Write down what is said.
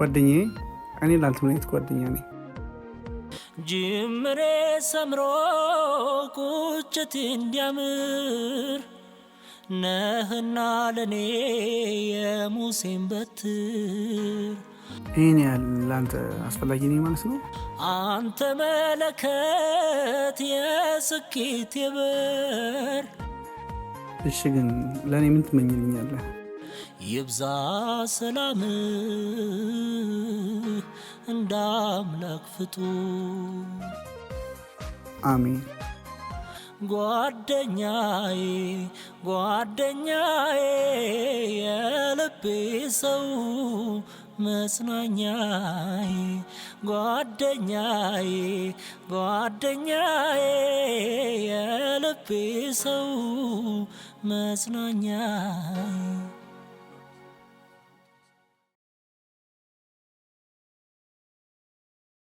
ጓደኛዬ እኔ ላንተ ምን አይነት ጓደኛ ነኝ? ጅምሬ ሰምሮ ቁጭት እንዲያምር ነህና ለእኔ የሙሴን በትር ይህን ያህል ለአንተ አስፈላጊ ነኝ ማለት ነው። አንተ መለከት የስኬት የበር እሺ፣ ግን ለእኔ ምን ትመኝልኛለህ? ይብዛ ሰላም እንደ አምላክ ፍጡር አሜን። ጓደኛዬ ጓደኛዬ የልቤ ሰው መጽናኛዬ ጓደኛዬ ጓደኛዬ የልቤ ሰው መጽናኛዬ